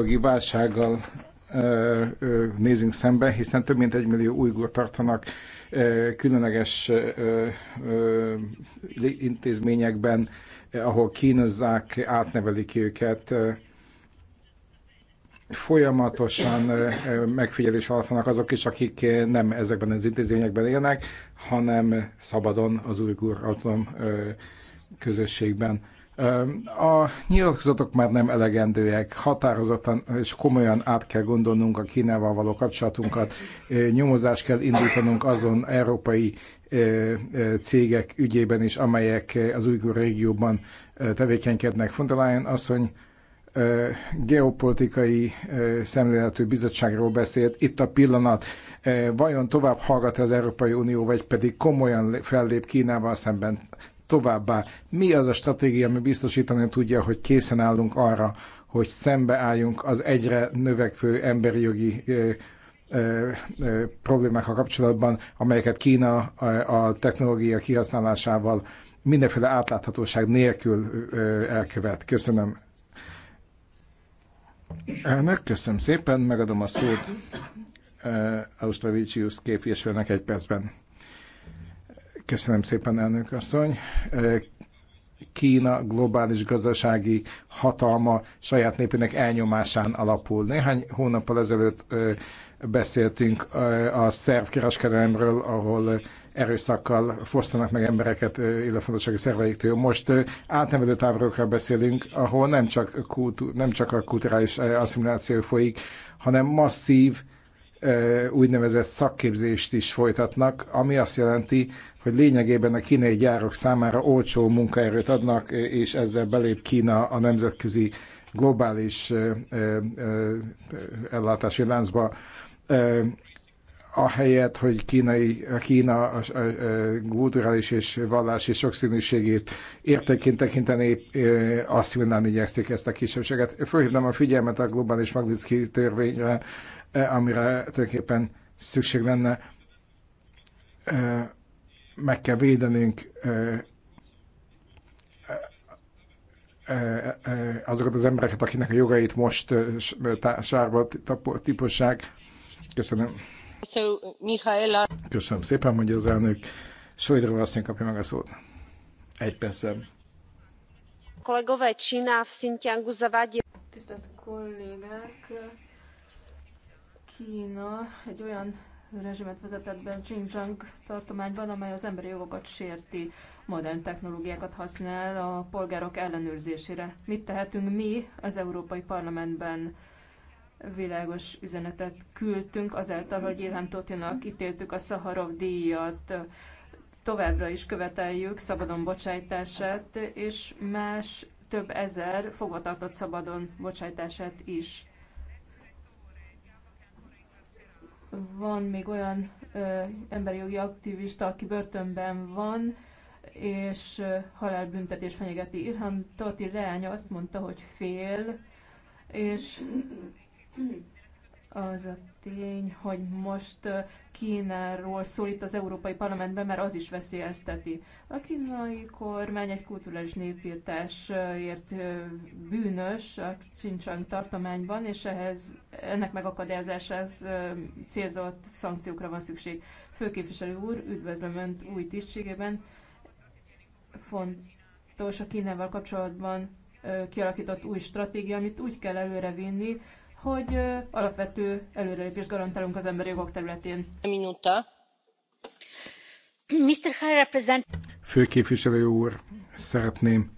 jogi válsággal nézünk szembe, hiszen több mint egy millió újgur tartanak különleges intézményekben, ahol kínozzák, átnevelik őket, folyamatosan megfigyelés alatt vannak azok is, akik nem ezekben az intézményekben élnek, hanem szabadon az újgur autonóm közösségben a nyilatkozatok már nem elegendőek, határozottan és komolyan át kell gondolnunk a Kínával való kapcsolatunkat, nyomozást kell indítanunk azon európai cégek ügyében is, amelyek az újgur régióban tevékenykednek. Von der asszony geopolitikai szemléletű bizottságról beszélt. Itt a pillanat, vajon tovább hallgat az Európai Unió, vagy pedig komolyan fellép Kínával szemben? Továbbá, mi az a stratégia, ami biztosítani tudja, hogy készen állunk arra, hogy szembeálljunk az egyre növekvő emberi jogi ö, problémákkal kapcsolatban, amelyeket Kína a, technológia kihasználásával mindenféle átláthatóság nélkül elkövet. Köszönöm. Elnök, köszönöm szépen, megadom a szót Austravicius képviselőnek egy percben. Köszönöm szépen, elnök asszony. Kína globális gazdasági hatalma saját népének elnyomásán alapul. Néhány hónappal ezelőtt beszéltünk a szerv kereskedelemről, ahol erőszakkal fosztanak meg embereket illetfontossági szerveiktől. Most átnevelő táborokra beszélünk, ahol nem csak, kultú, nem csak a kulturális asszimiláció folyik, hanem masszív úgynevezett szakképzést is folytatnak, ami azt jelenti, hogy lényegében a kínai gyárok számára olcsó munkaerőt adnak, és ezzel belép Kína a nemzetközi globális ellátási láncba, ahelyett, hogy kínai, a Kína a, a, a kulturális és vallási sokszínűségét értékként tekinteni, asszimilálni igyekszik ezt a kisebbséget. Fölhívnám a figyelmet a globális Magnitsky törvényre, amire tulajdonképpen szükség lenne meg kell védenünk azokat az embereket, akinek a jogait most sárba tipossák. Köszönöm. So, Michaela... Köszönöm szépen, mondja az elnök. Sojdrova asszony kapja meg a szót. Egy percben. Kolegové, Csina v Szintjángu zavádí... Tisztelt kollégák, Kína egy olyan rezsimet vezetett be Xinjiang tartományban, amely az emberi jogokat sérti, modern technológiákat használ a polgárok ellenőrzésére. Mit tehetünk mi az Európai Parlamentben? világos üzenetet küldtünk azáltal, hogy Ilham Totinak ítéltük a Szaharov díjat, továbbra is követeljük szabadon bocsájtását, és más több ezer fogvatartott szabadon bocsájtását is. van még olyan ö, emberi jogi aktivista, aki börtönben van, és ö, halálbüntetés fenyegeti. Irhan Toti leánya azt mondta, hogy fél, és az a tény, hogy most Kínáról szól itt az Európai Parlamentben, mert az is veszélyezteti. A kínai kormány egy kulturális népírtásért bűnös a Xinjiang tartományban, és ehhez ennek megakadályozása célzott szankciókra van szükség. Főképviselő úr, üdvözlöm Önt új tisztségében. Fontos a Kínával kapcsolatban kialakított új stratégia, amit úgy kell előrevinni, hogy alapvető előrelépést garantálunk az emberi jogok területén. Minuta. Mr. High Representative. Főképviselő úr, szeretném,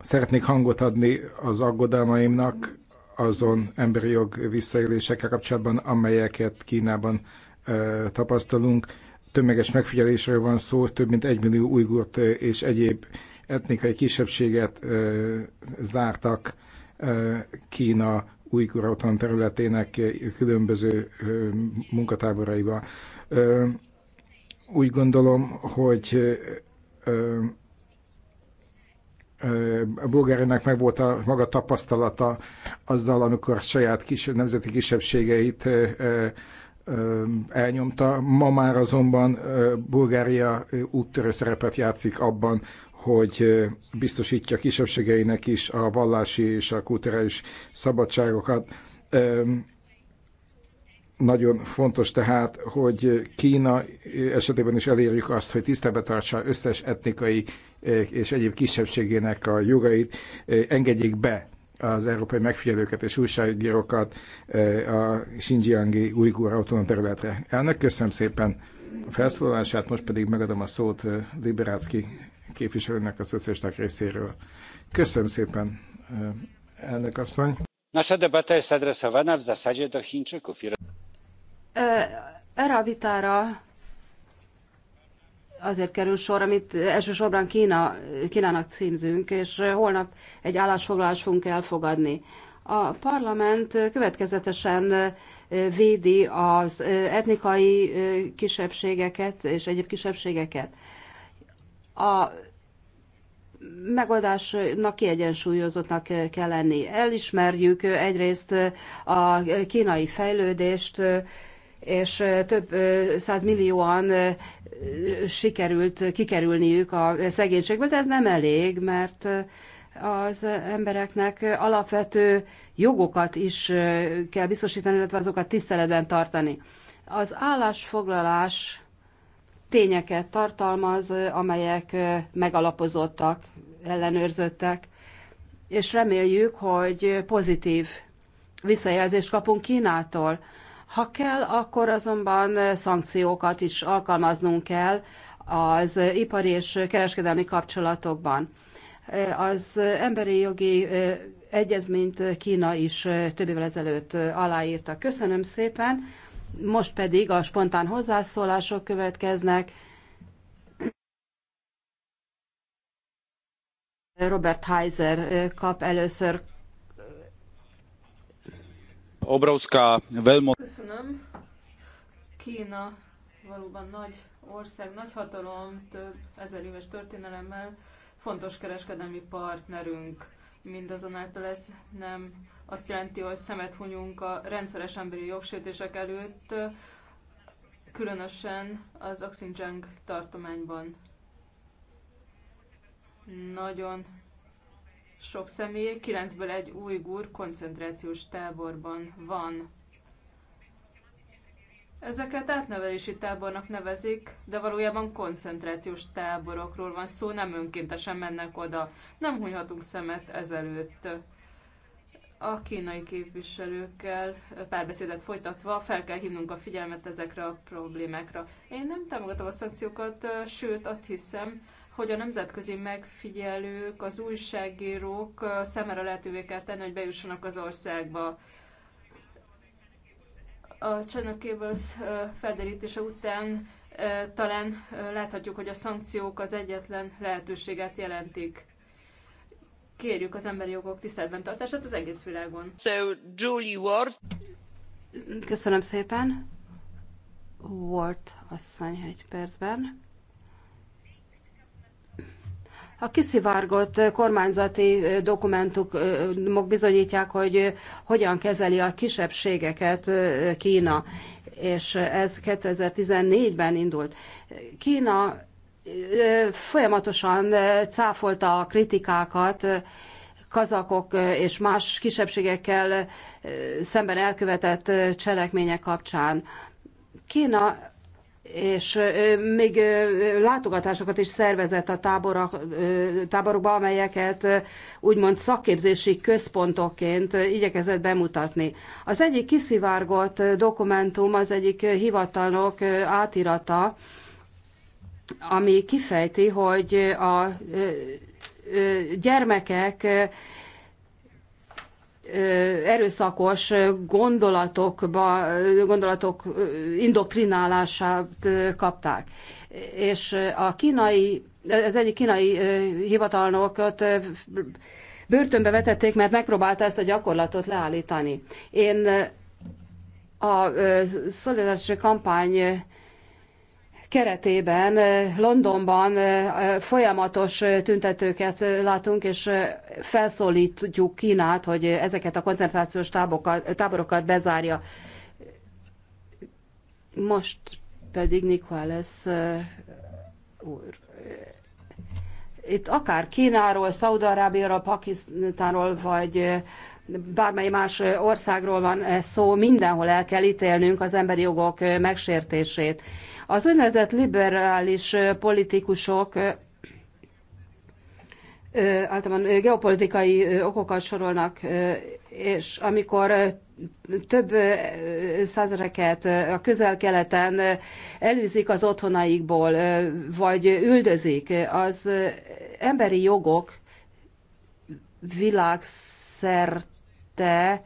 szeretnék hangot adni az aggodalmaimnak azon emberi jog visszaélésekkel kapcsolatban, amelyeket Kínában tapasztalunk. Tömeges megfigyelésről van szó, több mint egymillió ujgurt és egyéb etnikai kisebbséget zártak Kína ujgur otthon területének különböző munkatáboraiba. Úgy gondolom, hogy Bulgáriának meg volt a maga tapasztalata azzal, amikor saját kis, nemzeti kisebbségeit elnyomta. Ma már azonban Bulgária úttörő szerepet játszik abban, hogy biztosítja kisebbségeinek is a vallási és a kulturális szabadságokat. Nagyon fontos tehát, hogy Kína esetében is elérjük azt, hogy tiszteletbe tartsa összes etnikai eh, és egyéb kisebbségének a jogait, eh, engedjék be az európai megfigyelőket és újságírókat eh, a Xinjiangi Ujgur autonóm területre. Elnök, köszönöm szépen a felszólalását, most pedig megadom a szót Liberácki képviselőnek a szociálisták részéről. Köszönöm szépen, elnök asszony. Nasza debata jest adresowana w zasadzie do Chińczyków. Erre a vitára azért kerül sor, amit elsősorban Kína, Kínának címzünk, és holnap egy állásfoglalást fogunk elfogadni. A parlament következetesen védi az etnikai kisebbségeket és egyéb kisebbségeket. A megoldásnak kiegyensúlyozottnak kell lenni. Elismerjük egyrészt a kínai fejlődést, és több százmillióan sikerült kikerülniük a szegénységből, de ez nem elég, mert az embereknek alapvető jogokat is kell biztosítani, illetve azokat tiszteletben tartani. Az állásfoglalás tényeket tartalmaz, amelyek megalapozottak, ellenőrzöttek, és reméljük, hogy pozitív visszajelzést kapunk Kínától ha kell, akkor azonban szankciókat is alkalmaznunk kell az ipari és kereskedelmi kapcsolatokban. Az emberi jogi egyezményt Kína is több évvel ezelőtt aláírta. Köszönöm szépen. Most pedig a spontán hozzászólások következnek. Robert Heiser kap először obrovská veľmoc. Köszönöm. Kína valóban nagy ország, nagy hatalom, több ezer éves történelemmel fontos kereskedelmi partnerünk. Mindazonáltal ez nem azt jelenti, hogy szemet hunyunk a rendszeres emberi jogsértések előtt, különösen az Oxinjang tartományban. Nagyon sok személy, kilencből egy újgur koncentrációs táborban van. Ezeket átnevelési tábornak nevezik, de valójában koncentrációs táborokról van szó, nem önkéntesen mennek oda. Nem hunyhatunk szemet ezelőtt. A kínai képviselőkkel párbeszédet folytatva fel kell hívnunk a figyelmet ezekre a problémákra. Én nem támogatom a szankciókat, sőt azt hiszem, hogy a nemzetközi megfigyelők, az újságírók számára lehetővé kell tenni, hogy bejussanak az országba. A China Cables felderítése után talán láthatjuk, hogy a szankciók az egyetlen lehetőséget jelentik. Kérjük az emberi jogok tiszteletben tartását az egész világon. So, Julie Ward. Köszönöm szépen. Ward asszony egy percben. A kiszivárgott kormányzati dokumentumok bizonyítják, hogy hogyan kezeli a kisebbségeket Kína, és ez 2014-ben indult. Kína folyamatosan cáfolta a kritikákat, kazakok és más kisebbségekkel szemben elkövetett cselekmények kapcsán. Kína és még látogatásokat is szervezett a táborok táborokba, amelyeket úgymond szakképzési központokként igyekezett bemutatni. Az egyik kiszivárgott dokumentum, az egyik hivatalnok átirata, ami kifejti, hogy a gyermekek erőszakos gondolatokba, gondolatok indoktrinálását kapták. És a kínai, az egyik kínai hivatalnokot börtönbe vetették, mert megpróbálta ezt a gyakorlatot leállítani. Én a szolidaritási kampány keretében eh, Londonban eh, eh, folyamatos tüntetőket látunk, és felszólítjuk Kínát, hogy ezeket a koncentrációs tábokat, táborokat bezárja. Most pedig Nikolász úr. Itt akár Kínáról, Szaudarábiáról, Pakisztánról, vagy bármely más országról van szó, mindenhol el kell ítélnünk az emberi jogok megsértését. Az úgynevezett liberális politikusok általában geopolitikai okokat sorolnak, és amikor több százereket a közel-keleten elűzik az otthonaikból, vagy üldözik, az emberi jogok világszerte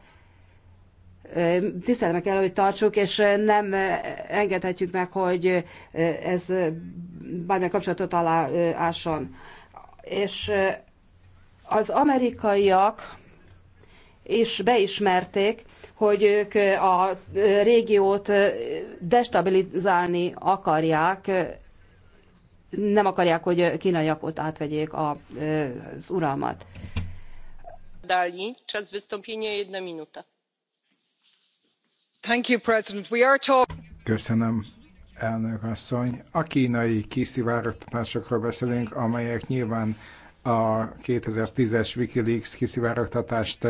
tisztelme kell, hogy tartsuk, és nem engedhetjük meg, hogy ez bármilyen kapcsolatot ásson. És az amerikaiak és beismerték, hogy ők a régiót destabilizálni akarják, nem akarják, hogy kínaiak ott átvegyék az uralmat. Dali, czas wystąpienia jedna minuta Köszönöm, elnök asszony. A kínai kiszivárogtatásokról beszélünk, amelyek nyilván a 2010-es Wikileaks kiszivárogtatást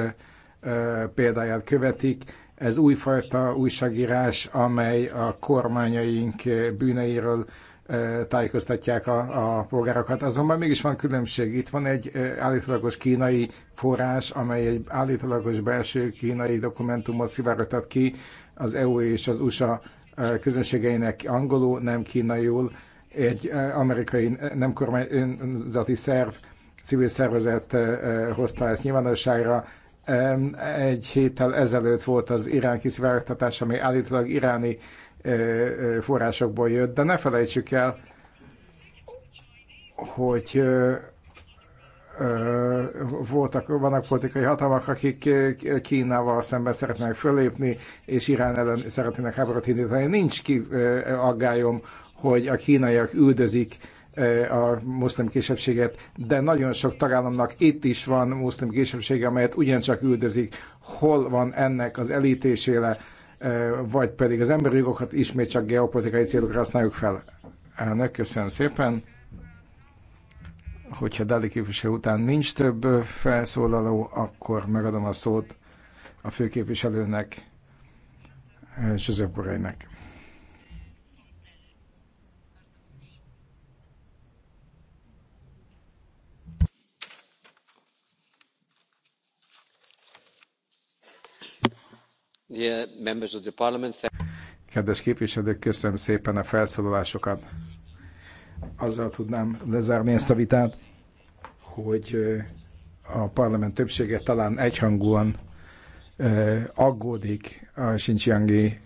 példáját követik. Ez újfajta újságírás, amely a kormányaink bűneiről tájékoztatják a, a polgárokat. Azonban mégis van különbség. Itt van egy állítólagos kínai forrás, amely egy állítólagos belső kínai dokumentumot szivárogtat ki, az EU és az USA közönségeinek angolul, nem kínaiul, egy amerikai nem kormányzati szerv, civil szervezet hozta ezt nyilvánosságra. Egy héttel ezelőtt volt az irán kiszivárogtatás, ami állítólag iráni forrásokból jött, de ne felejtsük el, hogy voltak, vannak politikai hatalmak, akik Kínával szemben szeretnének fölépni, és Irán ellen szeretnének háborút indítani. Nincs ki aggályom, hogy a kínaiak üldözik a muszlim kisebbséget, de nagyon sok tagállamnak itt is van muszlim kisebbsége, amelyet ugyancsak üldözik. Hol van ennek az elítéséle, vagy pedig az emberi jogokat ismét csak geopolitikai célokra használjuk fel? Elnök, köszönöm szépen hogyha Dali képviselő után nincs több felszólaló, akkor megadom a szót a főképviselőnek, József Borejnek. Kedves képviselők, köszönöm szépen a felszólalásokat azzal tudnám lezárni ezt a vitát, hogy a parlament többsége talán egyhangúan aggódik a Xinjiangi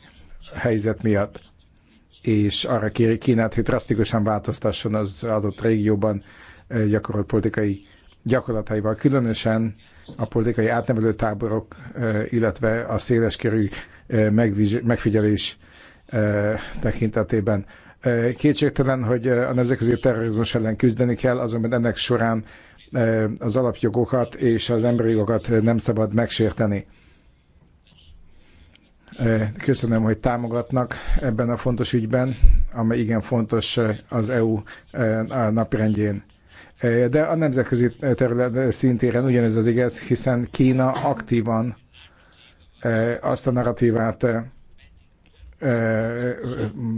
helyzet miatt, és arra kéri Kínát, hogy drasztikusan változtasson az adott régióban gyakorolt politikai gyakorlataival, különösen a politikai átnevelő táborok, illetve a széleskörű megfigyelés tekintetében Kétségtelen, hogy a nemzetközi terrorizmus ellen küzdeni kell, azonban ennek során az alapjogokat és az emberi jogokat nem szabad megsérteni. Köszönöm, hogy támogatnak ebben a fontos ügyben, amely igen fontos az EU napirendjén. De a nemzetközi terület szintéren ugyanez az igaz, hiszen Kína aktívan azt a narratívát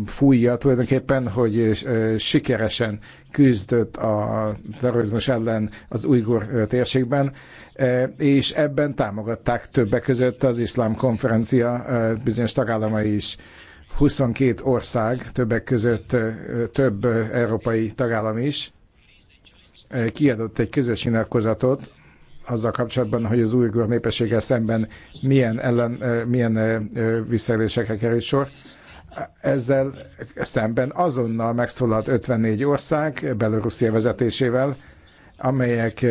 fújja tulajdonképpen, hogy sikeresen küzdött a terrorizmus ellen az ujgur térségben, és ebben támogatták többek között az iszlám konferencia bizonyos tagállamai is. 22 ország, többek között több európai tagállam is kiadott egy közös nyilatkozatot, azzal kapcsolatban, hogy az újgur népességgel szemben milyen, ellen, milyen visszaélésekre kerül sor. Ezzel szemben azonnal megszólalt 54 ország Belorusszia vezetésével, amelyek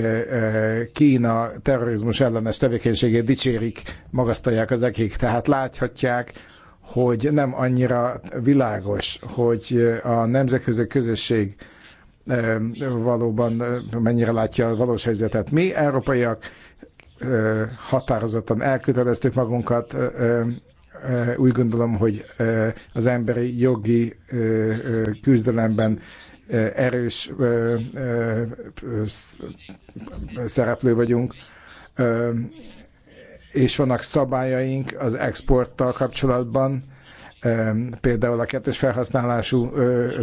Kína terrorizmus ellenes tevékenységét dicsérik, magasztalják az egék. Tehát láthatják, hogy nem annyira világos, hogy a nemzetközi közösség valóban mennyire látja a valós helyzetet. Mi, európaiak, határozottan elköteleztük magunkat. Úgy gondolom, hogy az emberi jogi küzdelemben erős szereplő vagyunk, és vannak szabályaink az exporttal kapcsolatban, például a kettős felhasználású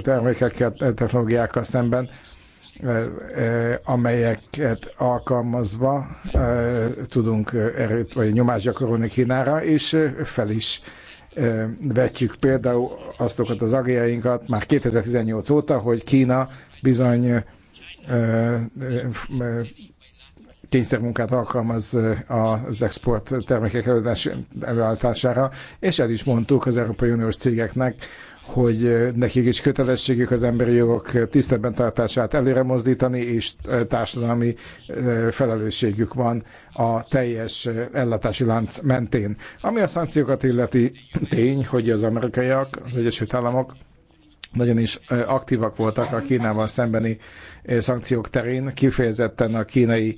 termékekkel, technológiákkal szemben, amelyeket alkalmazva tudunk erőt vagy nyomást gyakorolni Kínára, és fel is vetjük például aztokat az agjainkat már 2018 óta, hogy Kína bizony kényszermunkát alkalmaz az export termékek előállítására, és el is mondtuk az Európai Uniós cégeknek, hogy nekik is kötelességük az emberi jogok tiszteletben tartását előre mozdítani, és társadalmi felelősségük van a teljes ellátási lánc mentén. Ami a szankciókat illeti tény, hogy az amerikaiak, az Egyesült Államok nagyon is aktívak voltak a Kínával szembeni szankciók terén, kifejezetten a kínai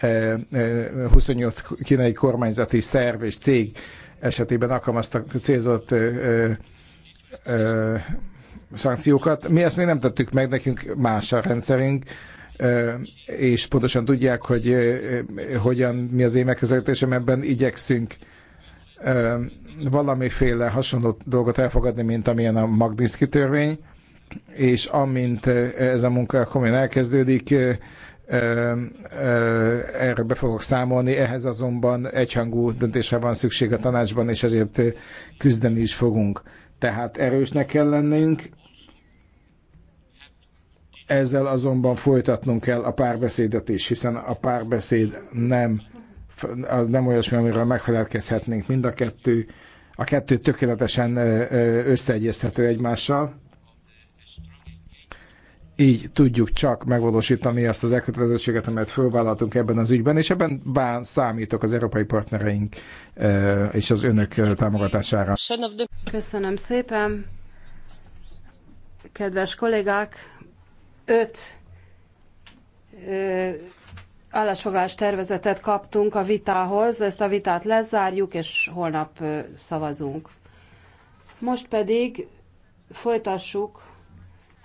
28 e, e, kínai kormányzati szerv és cég esetében alkalmaztak célzott e, szankciókat. Mi ezt még nem tettük meg, nekünk más a rendszerünk, és pontosan tudják, hogy hogyan mi az én megközelítésem ebben igyekszünk valamiféle hasonló dolgot elfogadni, mint amilyen a Magnitsky törvény, és amint ez a munka komolyan elkezdődik, erről be fogok számolni, ehhez azonban egyhangú döntésre van szükség a tanácsban, és ezért küzdeni is fogunk. Tehát erősnek kell lennünk, ezzel azonban folytatnunk kell a párbeszédet is, hiszen a párbeszéd nem, az nem olyasmi, amiről megfelelkezhetnénk mind a kettő, a kettő tökéletesen összeegyeztető egymással így tudjuk csak megvalósítani azt az elkötelezettséget, amelyet fölvállaltunk ebben az ügyben, és ebben bán számítok az európai partnereink eh, és az önök eh, támogatására. Köszönöm szépen, kedves kollégák! Öt eh, állásfoglalás tervezetet kaptunk a vitához, ezt a vitát lezárjuk, és holnap szavazunk. Most pedig folytassuk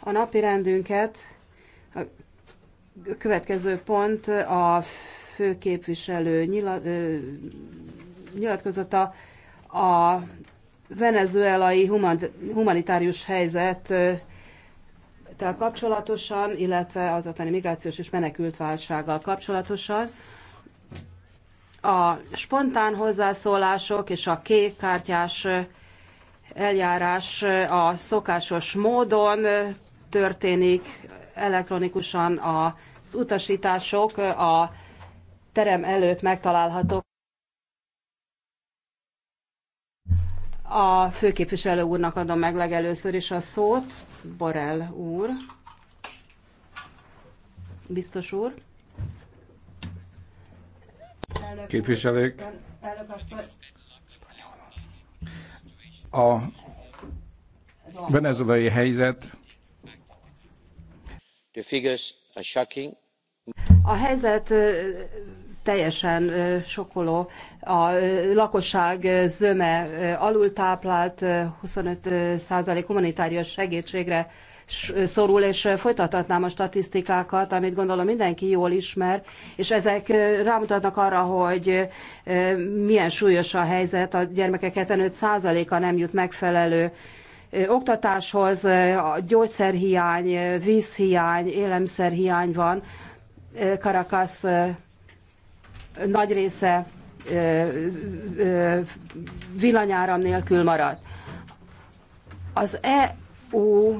a napi rendünket. A következő pont a főképviselő nyilatkozata a venezuelai humanitárius helyzet kapcsolatosan, illetve az ottani migrációs és menekült válsággal kapcsolatosan. A spontán hozzászólások és a kék kártyás eljárás a szokásos módon történik elektronikusan az utasítások a terem előtt megtalálhatók. A főképviselő úrnak adom meg legelőször is a szót, Borel úr. Biztos úr. Képviselők. A venezuelai helyzet a helyzet teljesen sokkoló. A lakosság zöme alultáplált, 25% humanitárius segítségre szorul, és folytathatnám a statisztikákat, amit gondolom mindenki jól ismer, és ezek rámutatnak arra, hogy milyen súlyos a helyzet, a gyermekek 75%-a nem jut megfelelő oktatáshoz, a gyógyszerhiány, vízhiány, élemszerhiány van. Caracas nagy része villanyáram nélkül marad. Az EU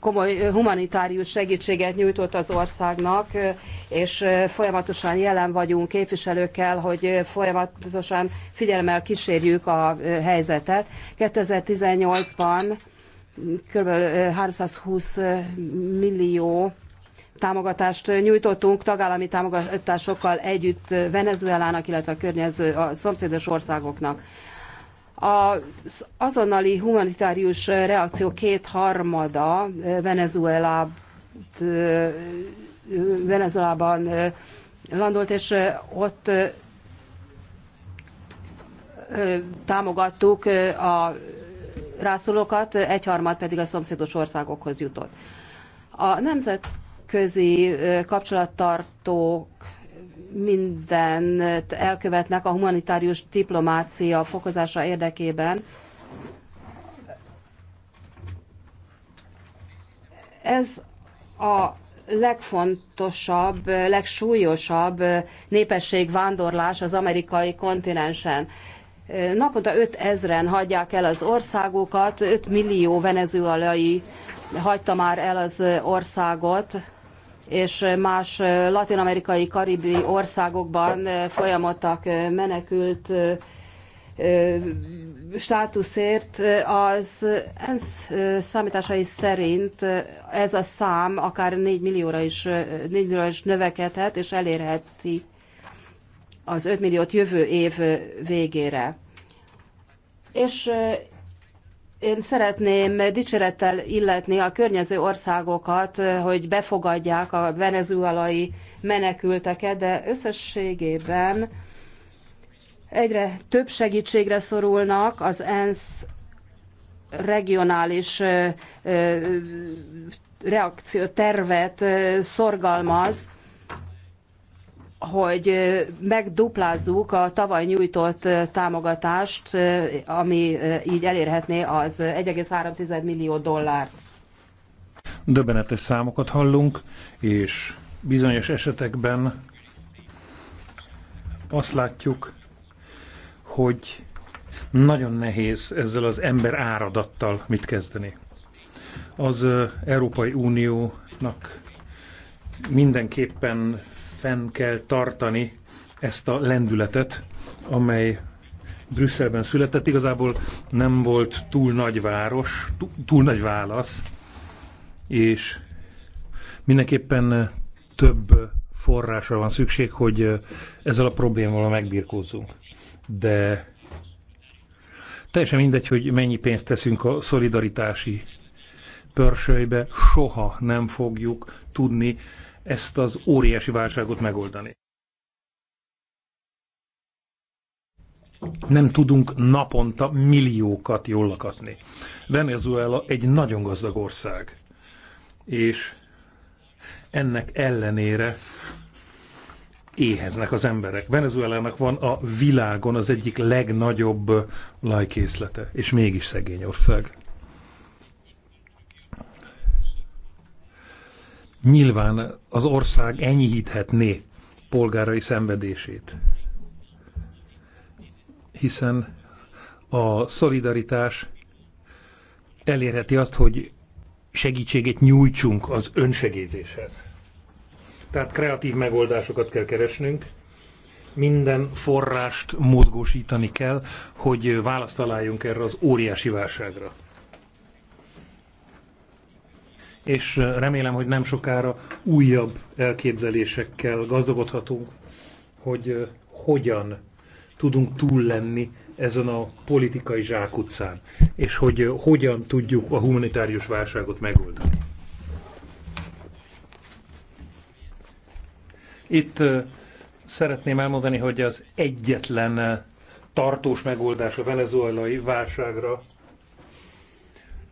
komoly humanitárius segítséget nyújtott az országnak, és folyamatosan jelen vagyunk képviselőkkel, hogy folyamatosan figyelemmel kísérjük a helyzetet. 2018-ban kb. 320 millió támogatást nyújtottunk tagállami támogatásokkal együtt Venezuelának, illetve a környező a szomszédos országoknak. Az azonnali humanitárius reakció kétharmada Venezuelában Venezuelában landolt, és ott támogattuk a rászólókat, egyharmad pedig a szomszédos országokhoz jutott. A nemzetközi kapcsolattartók mindent elkövetnek a humanitárius diplomácia fokozása érdekében. Ez a legfontosabb, legsúlyosabb népességvándorlás az amerikai kontinensen. Naponta 5 ezren hagyják el az országokat, 5 millió venezuelai hagyta már el az országot, és más latin-amerikai, karibi országokban folyamodtak menekült státuszért. Az ENSZ számításai szerint ez a szám akár 4 millióra is, 4 millióra is növekedhet, és elérheti az 5 milliót jövő év végére. És én szeretném dicsérettel illetni a környező országokat, hogy befogadják a venezuelai menekülteket, de összességében egyre több segítségre szorulnak az ENSZ regionális reakciótervet szorgalmaz, hogy megduplázzuk a tavaly nyújtott támogatást, ami így elérhetné az 1,3 millió dollár. Döbbenetes számokat hallunk, és bizonyos esetekben azt látjuk, hogy nagyon nehéz ezzel az ember áradattal mit kezdeni. Az Európai Uniónak mindenképpen fenn kell tartani ezt a lendületet, amely Brüsszelben született. Igazából nem volt túl nagy város, túl nagy válasz, és mindenképpen több forrásra van szükség, hogy ezzel a problémával megbirkózzunk. De teljesen mindegy, hogy mennyi pénzt teszünk a szolidaritási pörsölybe, soha nem fogjuk tudni ezt az óriási válságot megoldani. Nem tudunk naponta milliókat jól lakatni. Venezuela egy nagyon gazdag ország, és ennek ellenére éheznek az emberek. Venezuelának van a világon az egyik legnagyobb lajkészlete, és mégis szegény ország. nyilván az ország enyhíthetné polgárai szenvedését. Hiszen a szolidaritás elérheti azt, hogy segítséget nyújtsunk az önsegézéshez. Tehát kreatív megoldásokat kell keresnünk, minden forrást mozgósítani kell, hogy választ találjunk erre az óriási válságra és remélem, hogy nem sokára újabb elképzelésekkel gazdagodhatunk, hogy hogyan tudunk túl lenni ezen a politikai zsákutcán, és hogy hogyan tudjuk a humanitárius válságot megoldani. Itt szeretném elmondani, hogy az egyetlen tartós megoldás a venezuelai válságra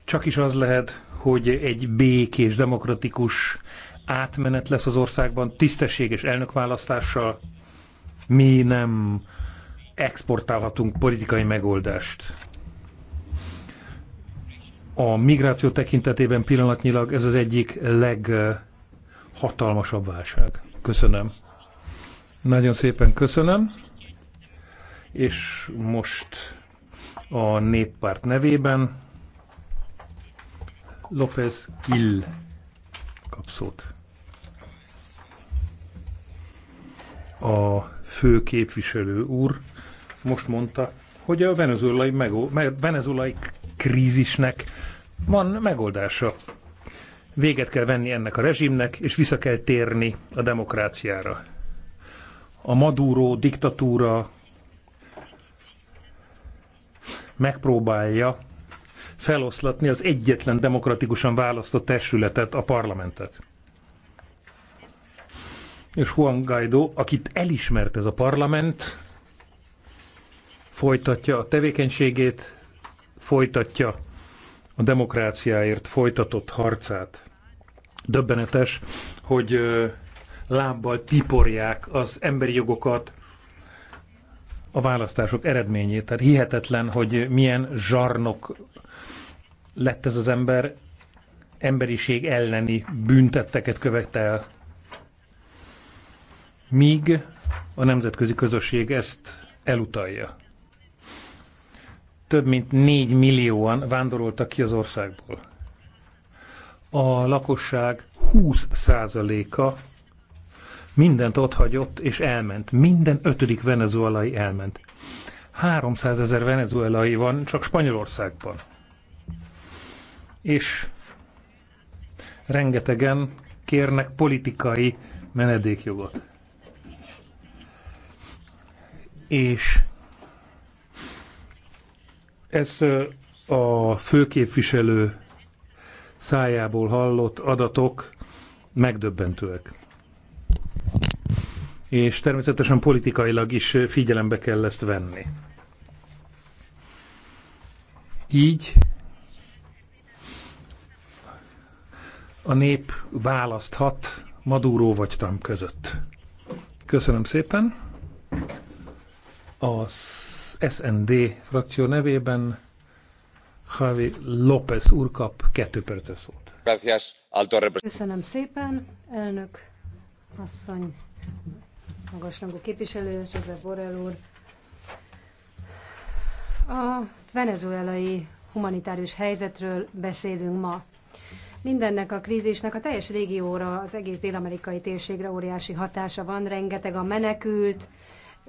csak is az lehet, hogy egy békés, demokratikus átmenet lesz az országban, tisztességes elnökválasztással. Mi nem exportálhatunk politikai megoldást. A migráció tekintetében pillanatnyilag ez az egyik leghatalmasabb válság. Köszönöm. Nagyon szépen köszönöm. És most a néppárt nevében López Gil kap szót. A fő képviselő úr most mondta, hogy a venezuelai, megó, venezuelai krízisnek van megoldása. Véget kell venni ennek a rezsimnek, és vissza kell térni a demokráciára. A Maduro diktatúra megpróbálja feloszlatni az egyetlen demokratikusan választott testületet, a parlamentet. És Juan Guaido, akit elismert ez a parlament, folytatja a tevékenységét, folytatja a demokráciáért folytatott harcát. Döbbenetes, hogy lábbal tiporják az emberi jogokat, a választások eredményét. Tehát hihetetlen, hogy milyen zsarnok lett ez az ember, emberiség elleni büntetteket követel. Míg a nemzetközi közösség ezt elutalja. Több mint 4 millióan vándoroltak ki az országból. A lakosság 20%-a mindent otthagyott és elment. Minden ötödik venezuelai elment. 300 ezer venezuelai van csak Spanyolországban és rengetegen kérnek politikai menedékjogot. És ez a főképviselő szájából hallott adatok megdöbbentőek. És természetesen politikailag is figyelembe kell ezt venni. Így a nép választhat Maduro vagy Trump között. Köszönöm szépen. Az SND frakció nevében Javi López úr kap kettő percet szót. Köszönöm szépen, elnök asszony, magasrangú képviselő, José Borrell úr. A venezuelai humanitárius helyzetről beszélünk ma. Mindennek a krízisnek a teljes régióra, az egész dél-amerikai térségre óriási hatása van, rengeteg a menekült,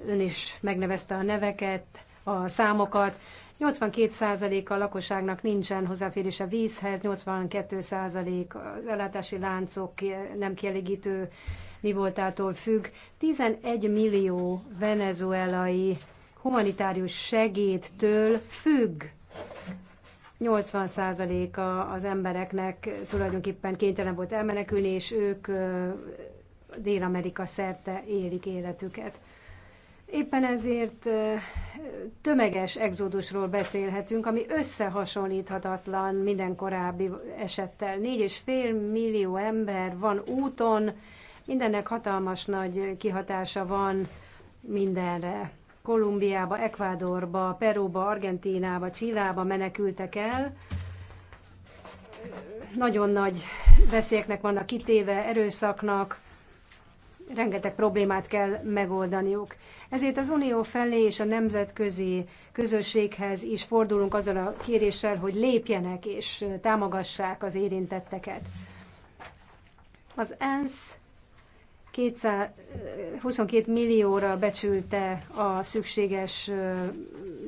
ön is megnevezte a neveket, a számokat. 82% a lakosságnak nincsen hozzáférés a vízhez, 82% az ellátási láncok nem kielégítő mi voltától függ. 11 millió venezuelai humanitárius segédtől függ 80%-a az embereknek tulajdonképpen kénytelen volt elmenekülni, és ők Dél-Amerika szerte élik életüket. Éppen ezért tömeges exodusról beszélhetünk, ami összehasonlíthatatlan minden korábbi esettel. 4,5 millió ember van úton, mindennek hatalmas nagy kihatása van mindenre. Kolumbiába, Ekvádorba, Peruba, Argentínába, Csillába menekültek el. Nagyon nagy veszélyeknek vannak kitéve, erőszaknak, rengeteg problémát kell megoldaniuk. Ezért az Unió felé és a nemzetközi közösséghez is fordulunk azzal a kéréssel, hogy lépjenek és támogassák az érintetteket. Az ENSZ 22 millióra becsülte a szükséges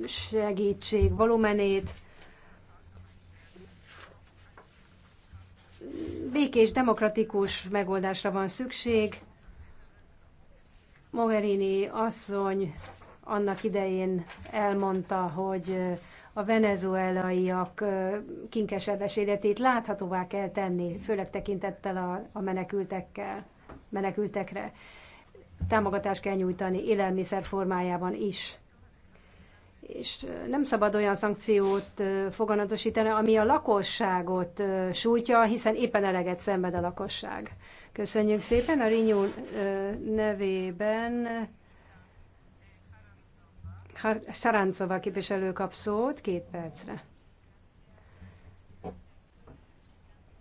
segítség volumenét. Békés, demokratikus megoldásra van szükség. Mogherini asszony annak idején elmondta, hogy a venezuelaiak kinkesebb életét láthatóvá kell tenni, főleg tekintettel a, a menekültekkel menekültekre. Támogatást kell nyújtani élelmiszer formájában is. És nem szabad olyan szankciót foganatosítani, ami a lakosságot sújtja, hiszen éppen eleget szenved a lakosság. Köszönjük szépen. A Rinyó nevében Saráncová képviselő kap szót két percre.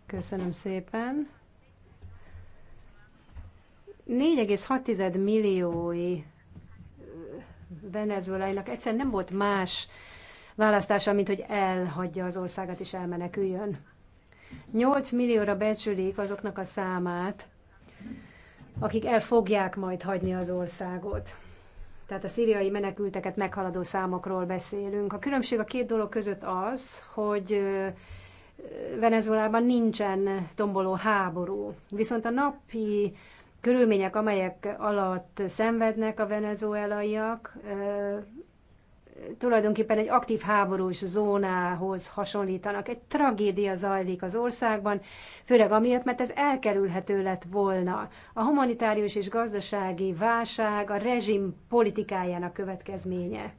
Köszönöm szépen. 4,6 milliói venezuelainak egyszerűen nem volt más választása, mint hogy elhagyja az országát és elmeneküljön. 8 millióra becsülik azoknak a számát, akik el fogják majd hagyni az országot. Tehát a szíriai menekülteket meghaladó számokról beszélünk. A különbség a két dolog között az, hogy Venezuelában nincsen tomboló háború. Viszont a napi körülmények, amelyek alatt szenvednek a venezuelaiak, tulajdonképpen egy aktív háborús zónához hasonlítanak. Egy tragédia zajlik az országban, főleg amiatt, mert ez elkerülhető lett volna. A humanitárius és gazdasági válság a rezsim politikájának következménye.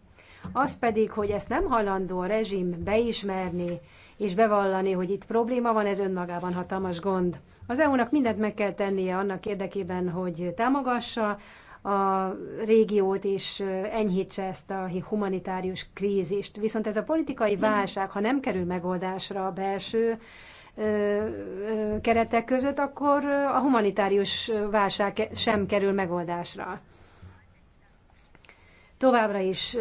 Az pedig, hogy ezt nem hajlandó a rezsim beismerni és bevallani, hogy itt probléma van, ez önmagában hatalmas gond. Az EU-nak mindent meg kell tennie annak érdekében, hogy támogassa a régiót, és enyhítse ezt a humanitárius krízist. Viszont ez a politikai válság, ha nem kerül megoldásra a belső keretek között, akkor a humanitárius válság sem kerül megoldásra. Továbbra is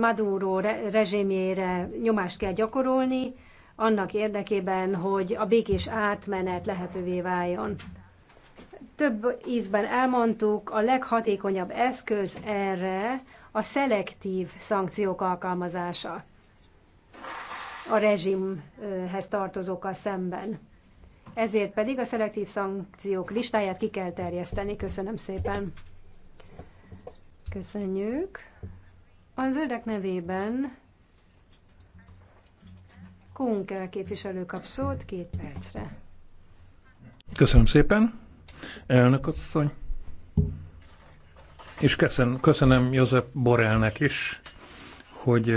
Maduro rezsémjére nyomást kell gyakorolni, annak érdekében, hogy a békés átmenet lehetővé váljon. Több ízben elmondtuk, a leghatékonyabb eszköz erre a szelektív szankciók alkalmazása a rezsimhez tartozókkal szemben. Ezért pedig a szelektív szankciók listáját ki kell terjeszteni. Köszönöm szépen. Köszönjük. A zöldek nevében Kunkel képviselő kap szót két percre. Köszönöm szépen, elnök asszony. És köszön, köszönöm József Borelnek is, hogy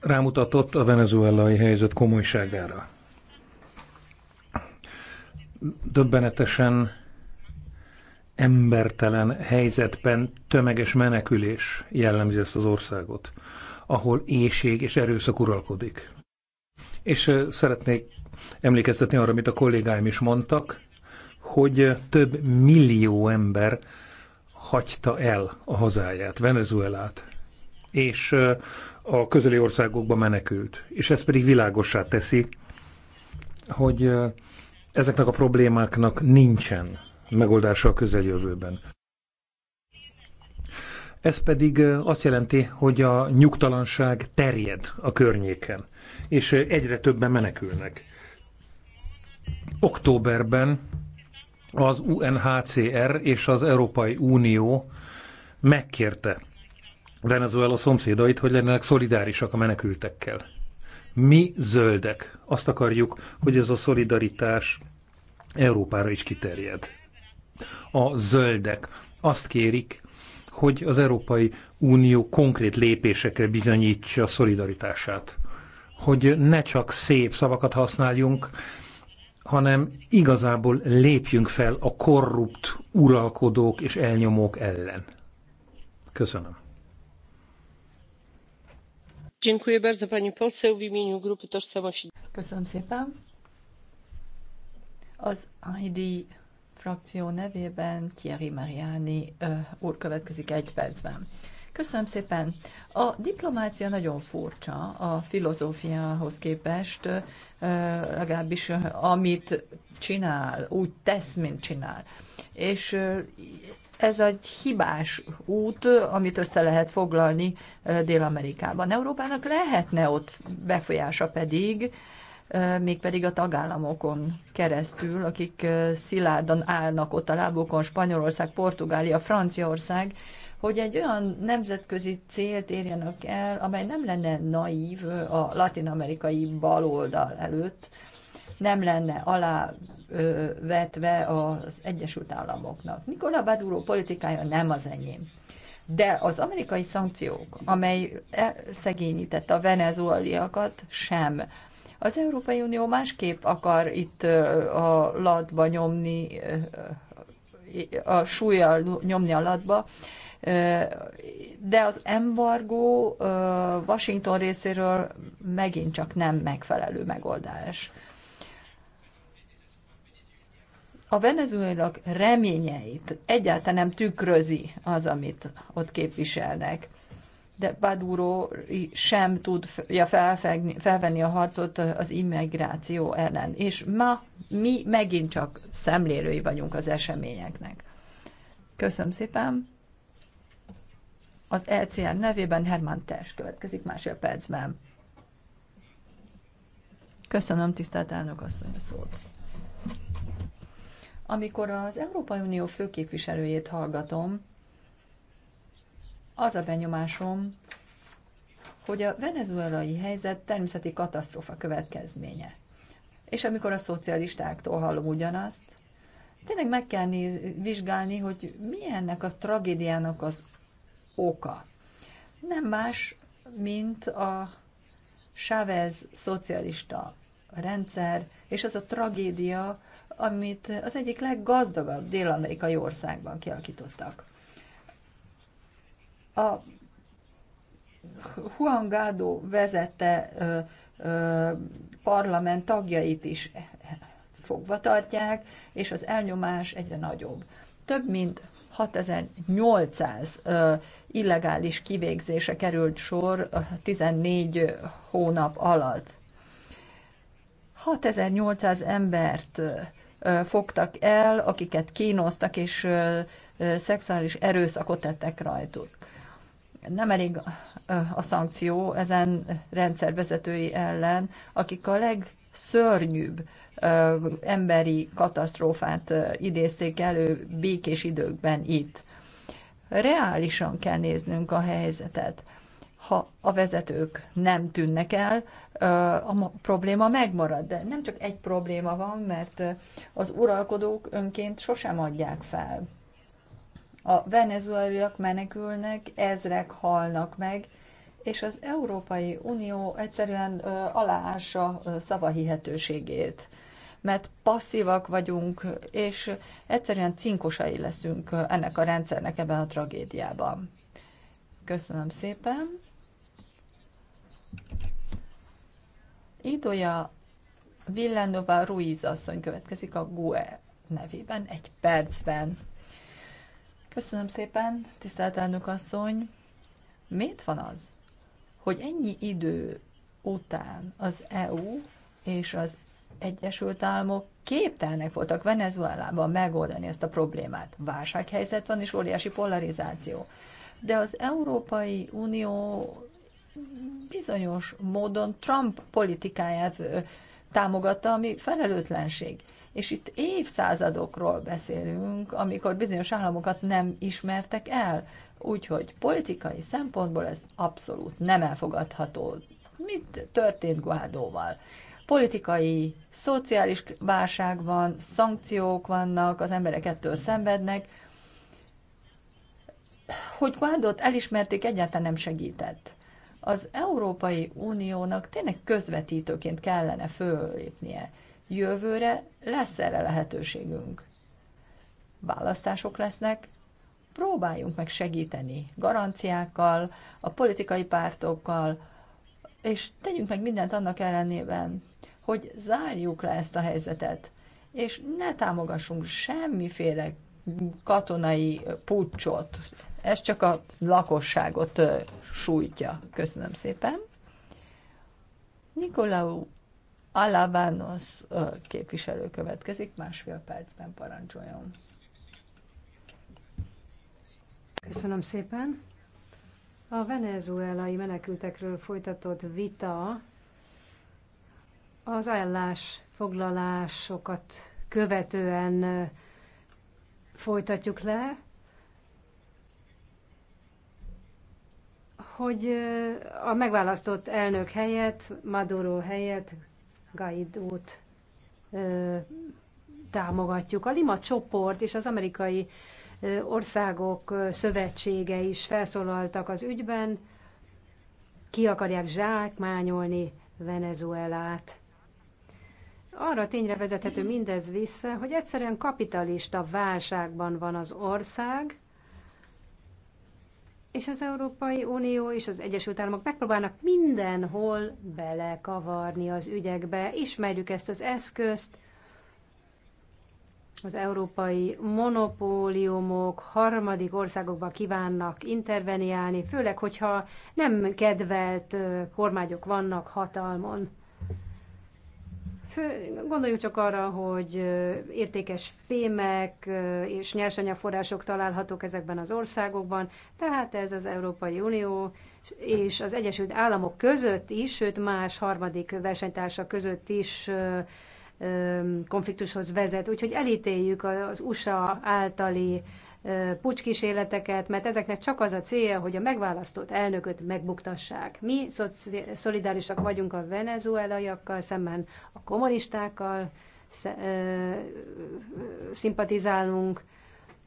rámutatott a venezuelai helyzet komolyságára. Döbbenetesen embertelen helyzetben tömeges menekülés jellemzi ezt az országot, ahol éjség és erőszak uralkodik. És szeretnék emlékeztetni arra, amit a kollégáim is mondtak, hogy több millió ember hagyta el a hazáját, Venezuelát, és a közeli országokba menekült. És ez pedig világossá teszi, hogy ezeknek a problémáknak nincsen megoldása a közeljövőben. Ez pedig azt jelenti, hogy a nyugtalanság terjed a környéken és egyre többen menekülnek. Októberben az UNHCR és az Európai Unió megkérte Venezuela szomszédait, hogy lennének szolidárisak a menekültekkel. Mi zöldek azt akarjuk, hogy ez a szolidaritás Európára is kiterjed. A zöldek azt kérik, hogy az Európai Unió konkrét lépésekre bizonyítsa a szolidaritását hogy ne csak szép szavakat használjunk, hanem igazából lépjünk fel a korrupt uralkodók és elnyomók ellen. Köszönöm. Köszönöm szépen. Az ID frakció nevében Thierry Mariani úr következik egy percben. Köszönöm szépen. A diplomácia nagyon furcsa a filozófiához képest, legalábbis amit csinál, úgy tesz, mint csinál. És ez egy hibás út, amit össze lehet foglalni Dél-Amerikában. Európának lehetne ott befolyása pedig, mégpedig a tagállamokon keresztül, akik szilárdan állnak ott a lábukon, Spanyolország, Portugália, Franciaország, hogy egy olyan nemzetközi célt érjenek el, amely nem lenne naív a latinamerikai baloldal előtt, nem lenne alávetve az Egyesült Államoknak. Nikola Maduro politikája nem az enyém. De az amerikai szankciók, amely elszegényítette a venezueliakat, sem. Az Európai Unió másképp akar itt a latba nyomni, a súlyjal nyomni a latba, de az embargó Washington részéről megint csak nem megfelelő megoldás. A venezuelak reményeit egyáltalán nem tükrözi az, amit ott képviselnek de Maduro sem tudja felfegni, felvenni a harcot az immigráció ellen. És ma mi megint csak szemlélői vagyunk az eseményeknek. Köszönöm szépen! Az ECR nevében Herman Ters következik másfél percben. Köszönöm, tisztelt elnök asszony, a szót. Amikor az Európai Unió főképviselőjét hallgatom, az a benyomásom, hogy a venezuelai helyzet természeti katasztrófa következménye. És amikor a szocialistáktól hallom ugyanazt, tényleg meg kell néz, vizsgálni, hogy mi ennek a tragédiának az oka. Nem más, mint a Chávez szocialista rendszer, és az a tragédia, amit az egyik leggazdagabb dél-amerikai országban kialakítottak. A Juan Gado vezette ö, ö, parlament tagjait is fogva tartják, és az elnyomás egyre nagyobb. Több mint 6800 ö, illegális kivégzése került sor 14 hónap alatt. 6800 embert fogtak el, akiket kínoztak és szexuális erőszakot tettek rajtuk. Nem elég a szankció ezen rendszervezetői ellen, akik a legszörnyűbb emberi katasztrófát idézték elő békés időkben itt reálisan kell néznünk a helyzetet. Ha a vezetők nem tűnnek el, a probléma megmarad. De nem csak egy probléma van, mert az uralkodók önként sosem adják fel. A venezuelaiak menekülnek, ezrek halnak meg, és az Európai Unió egyszerűen aláássa szavahihetőségét mert passzívak vagyunk, és egyszerűen cinkosai leszünk ennek a rendszernek ebben a tragédiában. Köszönöm szépen. Idoja Villanova Ruiz asszony következik a GUE nevében egy percben. Köszönöm szépen, tisztelt elnök asszony. Miért van az, hogy ennyi idő után az EU és az Egyesült Államok képtelnek voltak Venezuelában megoldani ezt a problémát. Válsághelyzet van és óriási polarizáció. De az Európai Unió bizonyos módon Trump politikáját támogatta, ami felelőtlenség. És itt évszázadokról beszélünk, amikor bizonyos államokat nem ismertek el. Úgyhogy politikai szempontból ez abszolút nem elfogadható. Mit történt Guádóval? politikai, szociális válság van, szankciók vannak, az emberek ettől szenvednek. Hogy Guaidót elismerték, egyáltalán nem segített. Az Európai Uniónak tényleg közvetítőként kellene föllépnie. Jövőre lesz erre lehetőségünk. Választások lesznek, próbáljunk meg segíteni garanciákkal, a politikai pártokkal, és tegyünk meg mindent annak ellenében, hogy zárjuk le ezt a helyzetet, és ne támogassunk semmiféle katonai pucsot. Ez csak a lakosságot sújtja. Köszönöm szépen. Nikolau Alabános képviselő következik, másfél percben parancsoljon. Köszönöm szépen. A venezuelai menekültekről folytatott vita az ajánlás foglalásokat követően folytatjuk le, hogy a megválasztott elnök helyett, Maduro helyett, Gaidót támogatjuk. A Lima csoport és az amerikai országok szövetsége is felszólaltak az ügyben, ki akarják zsákmányolni Venezuelát. Arra a tényre vezethető mindez vissza, hogy egyszerűen kapitalista válságban van az ország, és az Európai Unió és az Egyesült Államok megpróbálnak mindenhol belekavarni az ügyekbe. Ismerjük ezt az eszközt, az európai monopóliumok harmadik országokba kívánnak interveniálni, főleg, hogyha nem kedvelt kormányok vannak hatalmon. Fő, gondoljunk csak arra, hogy értékes fémek és nyersanyagforrások találhatók ezekben az országokban, tehát ez az Európai Unió és az Egyesült Államok között is, sőt más harmadik versenytársa között is konfliktushoz vezet. Úgyhogy elítéljük az USA általi pucskísérleteket, mert ezeknek csak az a célja, hogy a megválasztott elnököt megbuktassák. Mi szolidárisak vagyunk a venezuelaiakkal szemben, a kommunistákkal szimpatizálunk,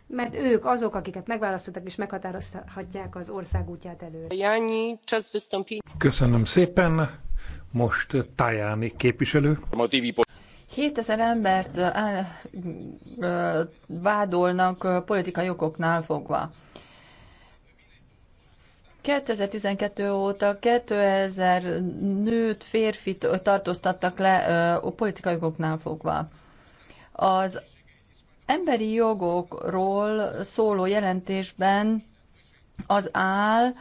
mert ők azok, akiket megválasztottak és meghatározhatják az ország útját előre. Köszönöm szépen. Most Tajani képviselő. 7000 embert áll, vádolnak politikai okoknál fogva. 2012 óta 2000 nőt, férfit tartóztattak le a politikai okoknál fogva. Az emberi jogokról szóló jelentésben az áll,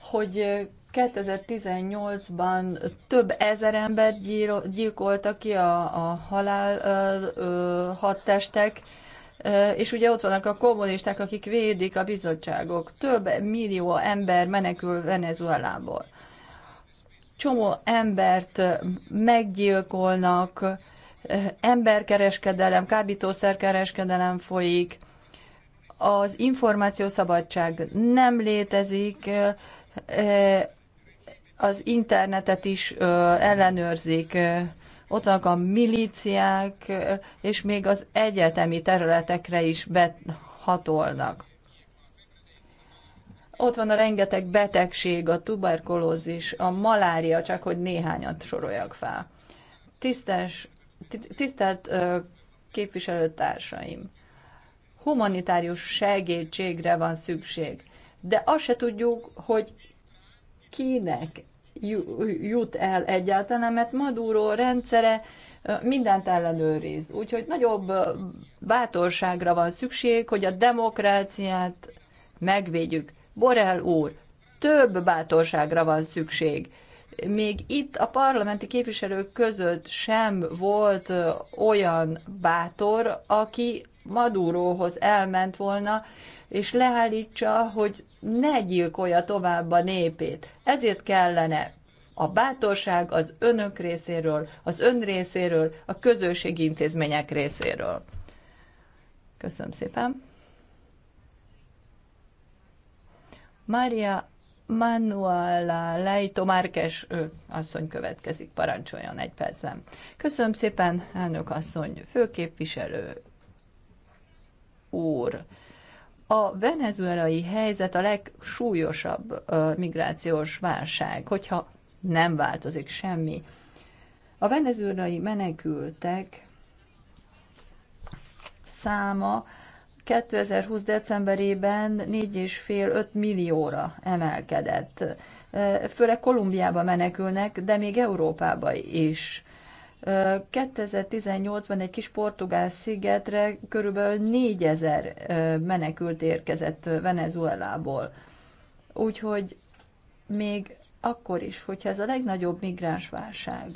hogy 2018-ban több ezer embert gyilkoltak ki a, a halál ö, hadtestek, és ugye ott vannak a kommunisták, akik védik a bizottságok. Több millió ember menekül Venezuelából. Csomó embert meggyilkolnak, emberkereskedelem, kábítószerkereskedelem folyik, az információszabadság nem létezik, az internetet is ellenőrzik. Ott vannak a milíciák, és még az egyetemi területekre is behatolnak. Ott van a rengeteg betegség, a tuberkulózis, a malária, csak hogy néhányat soroljak fel. Tisztes, tisztelt képviselőtársaim! Humanitárius segítségre van szükség, de azt se tudjuk, hogy kinek jut el egyáltalán, mert Maduro rendszere mindent ellenőriz. Úgyhogy nagyobb bátorságra van szükség, hogy a demokráciát megvédjük. Borel úr, több bátorságra van szükség. Még itt a parlamenti képviselők között sem volt olyan bátor, aki Maduróhoz elment volna, és leállítsa, hogy ne gyilkolja tovább a népét. Ezért kellene a bátorság az önök részéről, az ön részéről, a közösségi intézmények részéről. Köszönöm szépen. Mária Manuela Leito Márkes asszony következik, parancsoljon egy percben. Köszönöm szépen, elnök asszony, főképviselő úr a venezuelai helyzet a legsúlyosabb migrációs válság, hogyha nem változik semmi. A venezuelai menekültek száma 2020. decemberében 4,5-5 millióra emelkedett. Főleg Kolumbiába menekülnek, de még Európába is. 2018-ban egy kis portugál szigetre körülbelül 4000 menekült érkezett Venezuelából. Úgyhogy még akkor is, hogyha ez a legnagyobb migránsválság,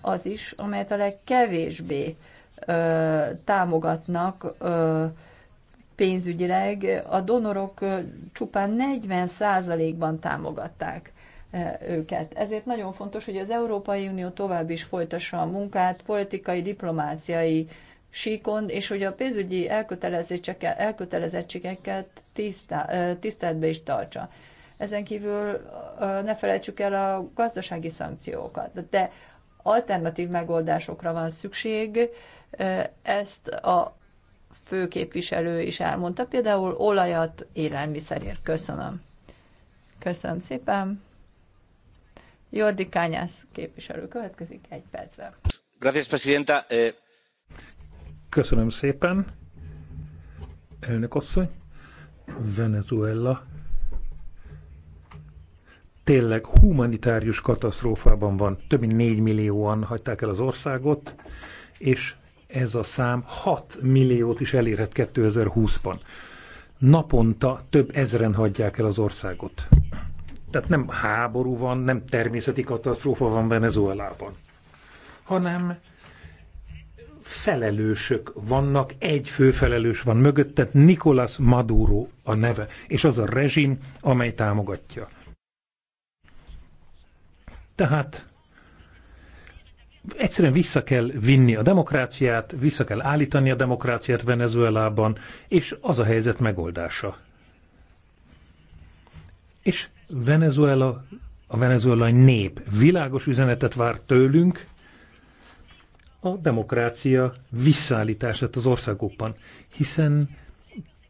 az is, amelyet a legkevésbé ö, támogatnak ö, pénzügyileg, a donorok ö, csupán 40%-ban támogatták őket. Ezért nagyon fontos, hogy az Európai Unió tovább is folytassa a munkát politikai, diplomáciai síkon, és hogy a pénzügyi elkötelezettségeket tiszteletbe is tartsa. Ezen kívül ne felejtsük el a gazdasági szankciókat, de alternatív megoldásokra van szükség, ezt a főképviselő is elmondta, például olajat élelmiszerért. Köszönöm. Köszönöm szépen. Jordi Kányász képviselő következik egy percben. Gracias, presidenta. Eh, Köszönöm szépen. Elnök asszony, Venezuela tényleg humanitárius katasztrófában van. Több mint 4 millióan hagyták el az országot, és ez a szám 6 milliót is elérhet 2020-ban. Naponta több ezren hagyják el az országot. Tehát nem háború van, nem természeti katasztrófa van Venezuelában, hanem felelősök vannak, egy főfelelős van mögötte, Nicolás Maduro a neve, és az a rezsim, amely támogatja. Tehát egyszerűen vissza kell vinni a demokráciát, vissza kell állítani a demokráciát Venezuelában, és az a helyzet megoldása. És Venezuela, a venezuelai nép világos üzenetet vár tőlünk, a demokrácia visszaállítását az országokban, hiszen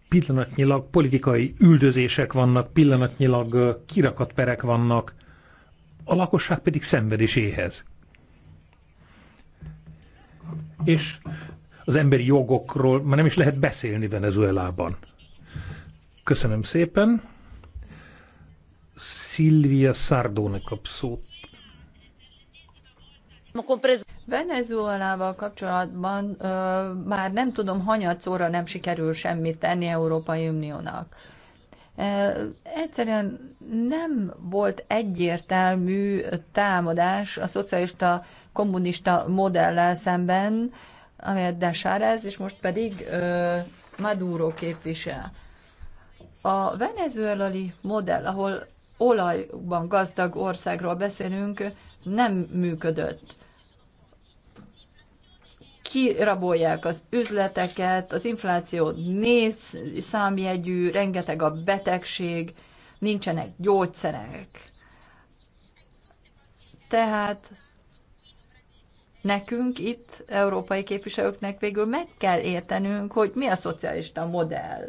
pillanatnyilag politikai üldözések vannak, pillanatnyilag kirakatperek vannak, a lakosság pedig szenvedéséhez. És az emberi jogokról már nem is lehet beszélni Venezuelában. Köszönöm szépen! Silvia Szárdónak kap szót. Venezuelával kapcsolatban ö, már nem tudom, hanyatszóra nem sikerül semmit tenni Európai Uniónak. E, egyszerűen nem volt egyértelmű támadás a szocialista kommunista modellel szemben, amelyet Desárez, és most pedig ö, Maduro képvisel. A venezuelai modell, ahol olajban gazdag országról beszélünk, nem működött. Kirabolják az üzleteket, az infláció néz számjegyű, rengeteg a betegség, nincsenek gyógyszerek. Tehát nekünk itt, európai képviselőknek végül meg kell értenünk, hogy mi a szocialista modell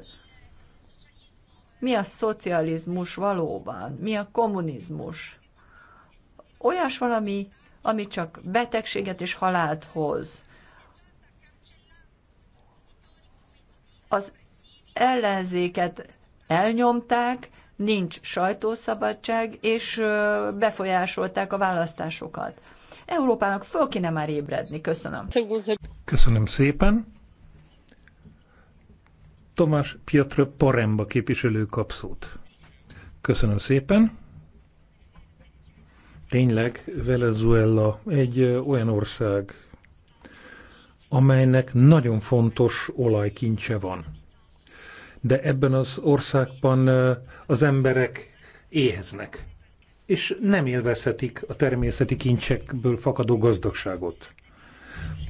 mi a szocializmus valóban, mi a kommunizmus. Olyas valami, ami csak betegséget és halált hoz. Az ellenzéket elnyomták, nincs sajtószabadság, és befolyásolták a választásokat. Európának föl kéne már ébredni. Köszönöm. Köszönöm szépen. Tomás Piotr Paremba képviselő kapszót. Köszönöm szépen. Tényleg Venezuela egy olyan ország, amelynek nagyon fontos olajkincse van. De ebben az országban az emberek éheznek, és nem élvezhetik a természeti kincsekből fakadó gazdagságot.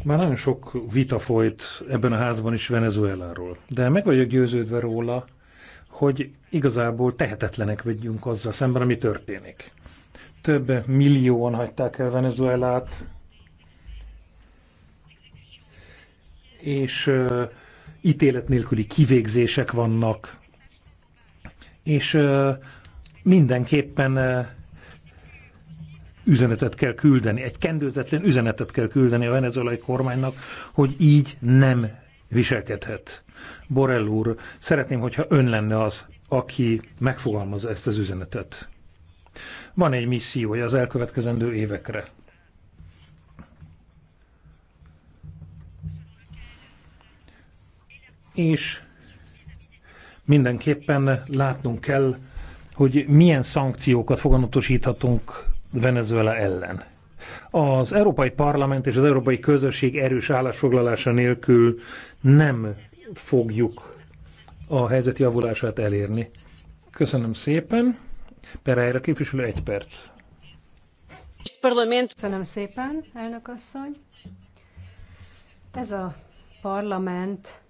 Már nagyon sok vita folyt ebben a házban is Venezueláról, de meg vagyok győződve róla, hogy igazából tehetetlenek vagyunk azzal szemben, ami történik. Több millióan hagyták el Venezuelát, és uh, ítélet nélküli kivégzések vannak, és uh, mindenképpen uh, üzenetet kell küldeni, egy kendőzetlen üzenetet kell küldeni a venezuelai kormánynak, hogy így nem viselkedhet. Borrell úr, szeretném, hogyha ön lenne az, aki megfogalmazza ezt az üzenetet. Van egy missziója az elkövetkezendő évekre. És mindenképpen látnunk kell, hogy milyen szankciókat foganatosíthatunk Venezuela ellen. Az Európai Parlament és az Európai Közösség erős állásfoglalása nélkül nem fogjuk a helyzet javulását elérni. Köszönöm szépen. Pereira képviselő egy perc. Köszönöm szépen, elnök asszony. Ez a parlament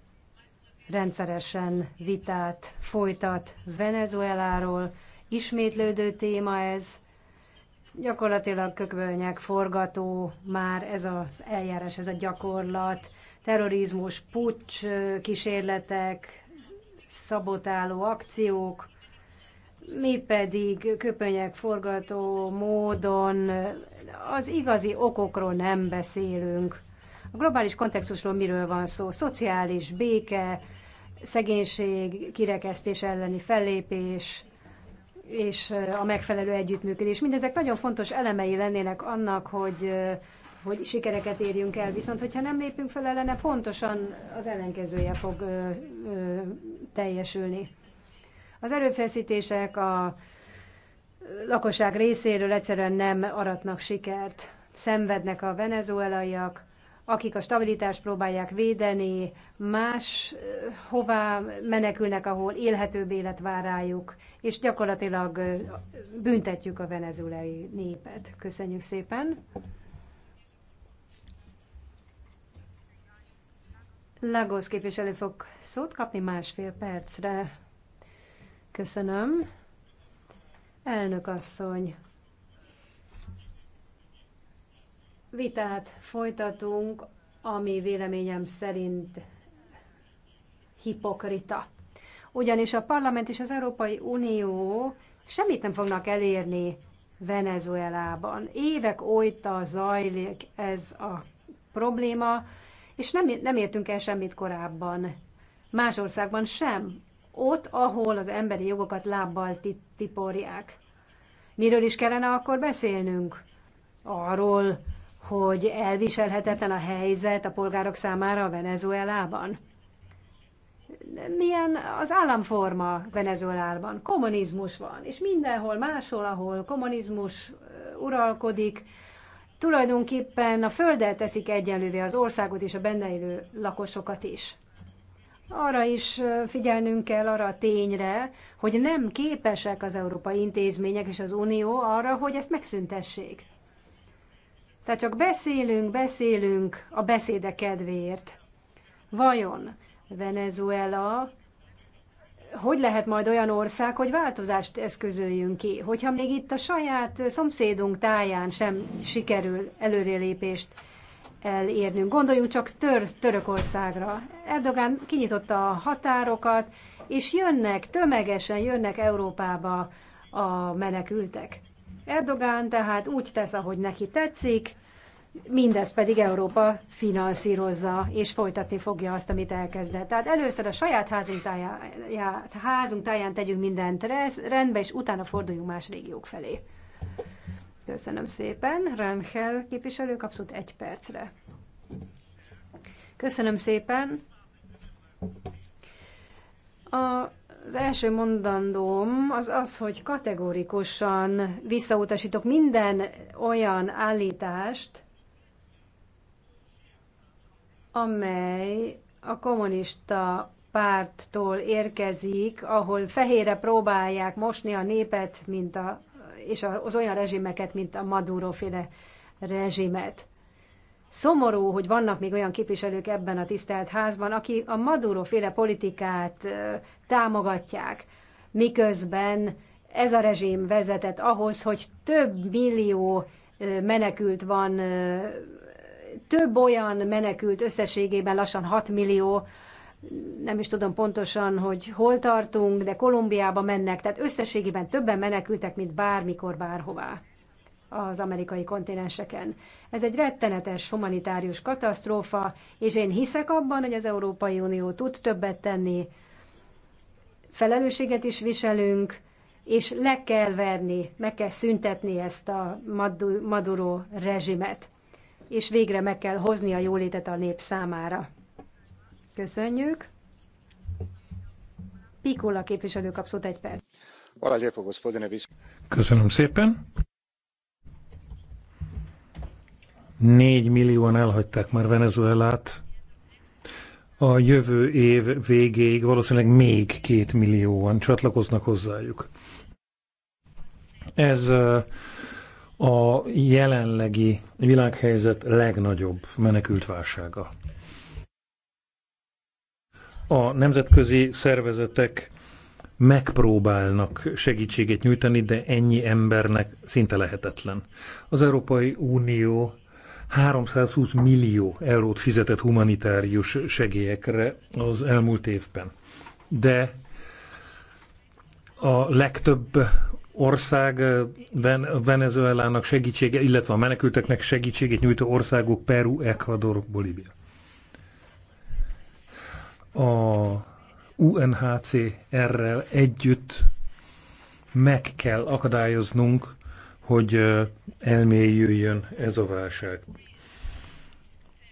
rendszeresen vitát folytat Venezueláról. Ismétlődő téma ez, Gyakorlatilag kökbölnyek forgató már ez az eljárás, ez a gyakorlat, terrorizmus, pucs kísérletek, szabotáló akciók, mi pedig köpönyek forgató módon az igazi okokról nem beszélünk. A globális kontextusról miről van szó? Szociális béke, szegénység, kirekesztés elleni fellépés, és a megfelelő együttműködés. Mindezek nagyon fontos elemei lennének annak, hogy hogy sikereket érjünk el, viszont hogyha nem lépünk fel ellene, pontosan az ellenkezője fog ö, ö, teljesülni. Az erőfeszítések a lakosság részéről egyszerűen nem aratnak sikert. Szenvednek a venezuelaiak, akik a stabilitást próbálják védeni, más hová menekülnek, ahol élhetőbb élet vár rájuk, és gyakorlatilag büntetjük a venezuelai népet. Köszönjük szépen! Lagos képviselő fog szót kapni másfél percre. Köszönöm. Elnök asszony, vitát folytatunk, ami véleményem szerint hipokrita. Ugyanis a parlament és az Európai Unió semmit nem fognak elérni Venezuelában. Évek óta zajlik ez a probléma, és nem, nem értünk el semmit korábban. Más országban sem. Ott, ahol az emberi jogokat lábbal tiporják. Miről is kellene akkor beszélnünk? Arról, hogy elviselhetetlen a helyzet a polgárok számára a Venezuelában? Milyen az államforma Venezuelában? Kommunizmus van, és mindenhol máshol, ahol kommunizmus uralkodik, tulajdonképpen a földet teszik egyenlővé az országot és a benne élő lakosokat is. Arra is figyelnünk kell arra a tényre, hogy nem képesek az európai intézmények és az unió arra, hogy ezt megszüntessék. Tehát csak beszélünk, beszélünk a beszéde kedvéért. Vajon Venezuela hogy lehet majd olyan ország, hogy változást eszközöljünk ki, hogyha még itt a saját szomszédunk táján sem sikerül előrelépést elérnünk. Gondoljunk csak tör- Törökországra. Erdogán kinyitotta a határokat, és jönnek, tömegesen jönnek Európába a menekültek. Erdogán tehát úgy tesz, ahogy neki tetszik, Mindez pedig Európa finanszírozza és folytatni fogja azt, amit elkezdett. Tehát először a saját házunk táján, já, házunk táján tegyünk mindent rendbe, és utána forduljunk más régiók felé. Köszönöm szépen. Rangel képviselő kapszott egy percre. Köszönöm szépen. A az első mondandóm az az, hogy kategórikusan visszautasítok minden olyan állítást, amely a kommunista párttól érkezik, ahol fehére próbálják mosni a népet, mint a, és az olyan rezsimeket, mint a Maduro-féle rezsimet. Szomorú, hogy vannak még olyan képviselők ebben a tisztelt házban, aki a Maduro-féle politikát támogatják, miközben ez a rezsim vezetett ahhoz, hogy több millió menekült van több olyan menekült összességében lassan 6 millió, nem is tudom pontosan, hogy hol tartunk, de Kolumbiába mennek, tehát összességében többen menekültek, mint bármikor, bárhová az amerikai kontinenseken. Ez egy rettenetes humanitárius katasztrófa, és én hiszek abban, hogy az Európai Unió tud többet tenni, felelősséget is viselünk, és le kell verni, meg kell szüntetni ezt a Maduro rezsimet és végre meg kell hozni a jólétet a nép számára. Köszönjük. Pikula képviselő kap szót egy perc. Köszönöm szépen. Négy millióan elhagyták már Venezuelát. A jövő év végéig valószínűleg még két millióan csatlakoznak hozzájuk. Ez a jelenlegi világhelyzet legnagyobb menekült válsága. A nemzetközi szervezetek megpróbálnak segítséget nyújtani, de ennyi embernek szinte lehetetlen. Az Európai Unió 320 millió eurót fizetett humanitárius segélyekre az elmúlt évben. De a legtöbb ország Venezuelának segítsége, illetve a menekülteknek segítségét nyújtó országok Peru, Ecuador, Bolívia. A UNHCR-rel együtt meg kell akadályoznunk, hogy elmélyüljön ez a válság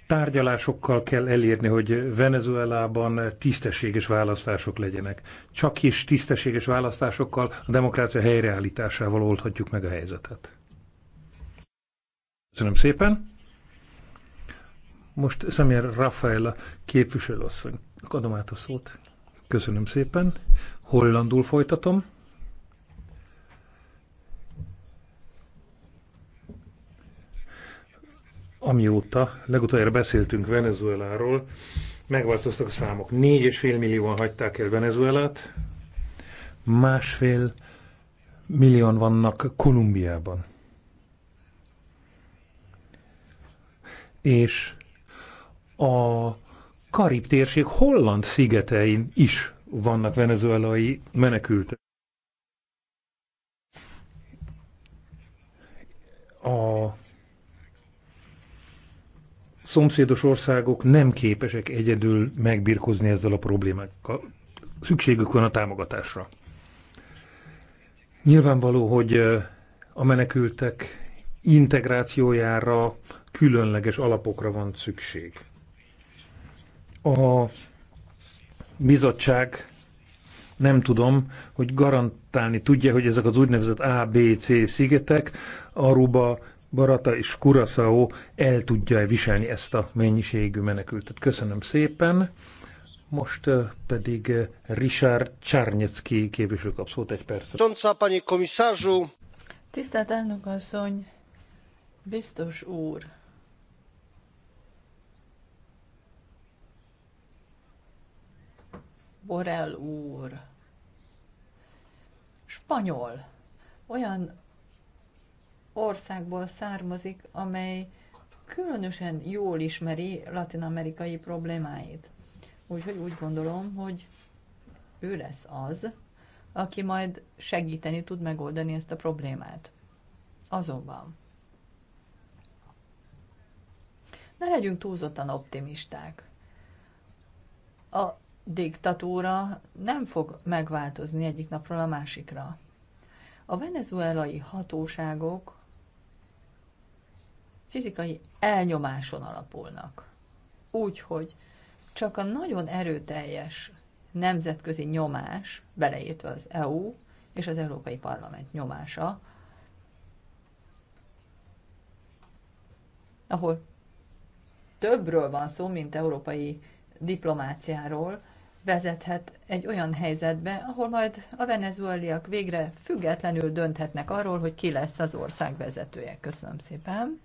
tárgyalásokkal kell elérni, hogy Venezuelában tisztességes választások legyenek. Csak is tisztességes választásokkal a demokrácia helyreállításával oldhatjuk meg a helyzetet. Köszönöm szépen. Most Szemér Rafaela képviselőasszony. Adom át a szót. Köszönöm szépen. Hollandul folytatom. amióta legutoljára beszéltünk Venezueláról, megváltoztak a számok. 4,5 millióan hagyták el Venezuelát, másfél millióan vannak Kolumbiában. És a Karib térség holland szigetein is vannak venezuelai menekültek. A szomszédos országok nem képesek egyedül megbirkozni ezzel a problémákkal. Szükségük van a támogatásra. Nyilvánvaló, hogy a menekültek integrációjára különleges alapokra van szükség. A bizottság nem tudom, hogy garantálni tudja, hogy ezek az úgynevezett ABC szigetek, Aruba, Barata és Curaçao el tudja -e viselni ezt a mennyiségű menekültet. Köszönöm szépen. Most pedig Richard Csárnyecki képviselő kap szót egy percre. Tisztelt elnök asszony, biztos úr, Borel úr, spanyol, olyan országból származik, amely különösen jól ismeri latin-amerikai problémáit. Úgyhogy úgy gondolom, hogy ő lesz az, aki majd segíteni tud megoldani ezt a problémát. Azonban. Ne legyünk túlzottan optimisták. A diktatúra nem fog megváltozni egyik napról a másikra. A venezuelai hatóságok fizikai elnyomáson alapulnak. Úgy, hogy csak a nagyon erőteljes nemzetközi nyomás, beleértve az EU és az Európai Parlament nyomása, ahol többről van szó, mint európai diplomáciáról, vezethet egy olyan helyzetbe, ahol majd a venezueliak végre függetlenül dönthetnek arról, hogy ki lesz az ország vezetője. Köszönöm szépen.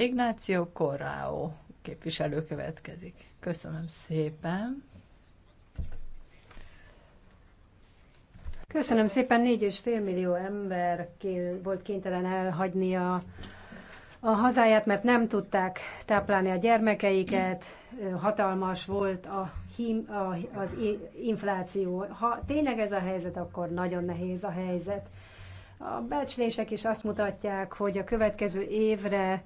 Ignácio Corrao képviselő következik. Köszönöm szépen. Köszönöm szépen, négy és fél millió ember volt kénytelen elhagyni a, a hazáját, mert nem tudták táplálni a gyermekeiket, hatalmas volt a, a az infláció. Ha tényleg ez a helyzet, akkor nagyon nehéz a helyzet. A becslések is azt mutatják, hogy a következő évre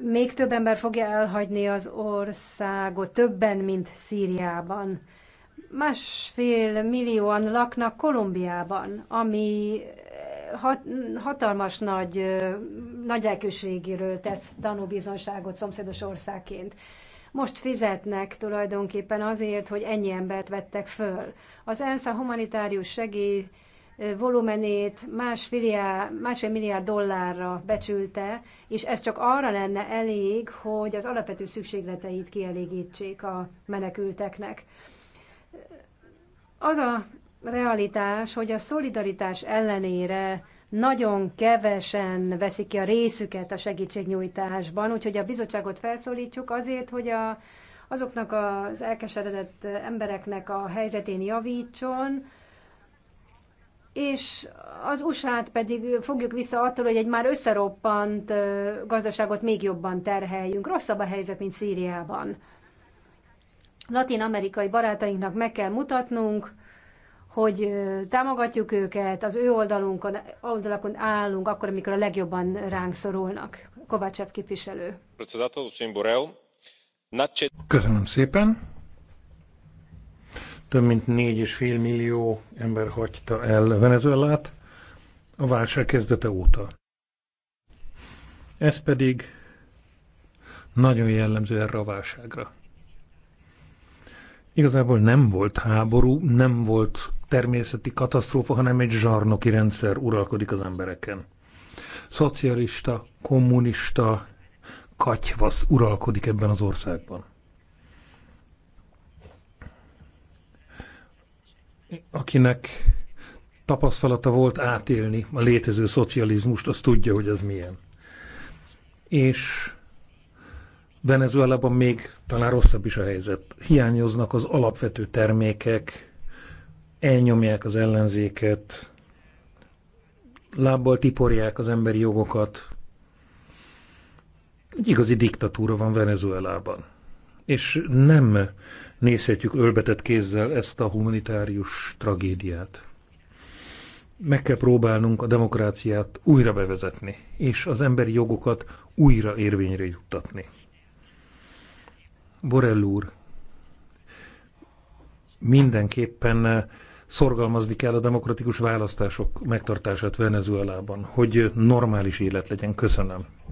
még több ember fogja elhagyni az országot, többen, mint Szíriában. Másfél millióan laknak Kolumbiában, ami eh, hat, hatalmas nagy, eh, nagy lelkőségéről tesz tanúbizonságot szomszédos országként. Most fizetnek tulajdonképpen azért, hogy ennyi embert vettek föl. Az ENSZ a humanitárius segély volumenét másfél milliárd, dollárra becsülte, és ez csak arra lenne elég, hogy az alapvető szükségleteit kielégítsék a menekülteknek. Az a realitás, hogy a szolidaritás ellenére nagyon kevesen veszik ki a részüket a segítségnyújtásban, úgyhogy a bizottságot felszólítjuk azért, hogy a, azoknak az elkeseredett embereknek a helyzetén javítson, és az USA-t pedig fogjuk vissza attól, hogy egy már összeroppant gazdaságot még jobban terheljünk. Rosszabb a helyzet, mint Szíriában. Latin-amerikai barátainknak meg kell mutatnunk, hogy támogatjuk őket, az ő oldalunkon, oldalakon állunk, akkor, amikor a legjobban ránk szorulnak. Kovácsev képviselő. Köszönöm szépen. Több mint 4,5 millió ember hagyta el Venezuelát a válság kezdete óta. Ez pedig nagyon jellemző erre a válságra. Igazából nem volt háború, nem volt természeti katasztrófa, hanem egy zsarnoki rendszer uralkodik az embereken. Szocialista, kommunista, katyvasz uralkodik ebben az országban. akinek tapasztalata volt átélni a létező szocializmust, az tudja, hogy az milyen. És Venezuelában még talán rosszabb is a helyzet. Hiányoznak az alapvető termékek, elnyomják az ellenzéket, lábbal tiporják az emberi jogokat. Egy igazi diktatúra van Venezuelában. És nem nézhetjük ölbetett kézzel ezt a humanitárius tragédiát. Meg kell próbálnunk a demokráciát újra bevezetni, és az emberi jogokat újra érvényre juttatni. Borell úr, mindenképpen eh, szorgalmazni kell a demokratikus választások megtartását Venezuelában, hogy normális élet legyen. Köszönöm.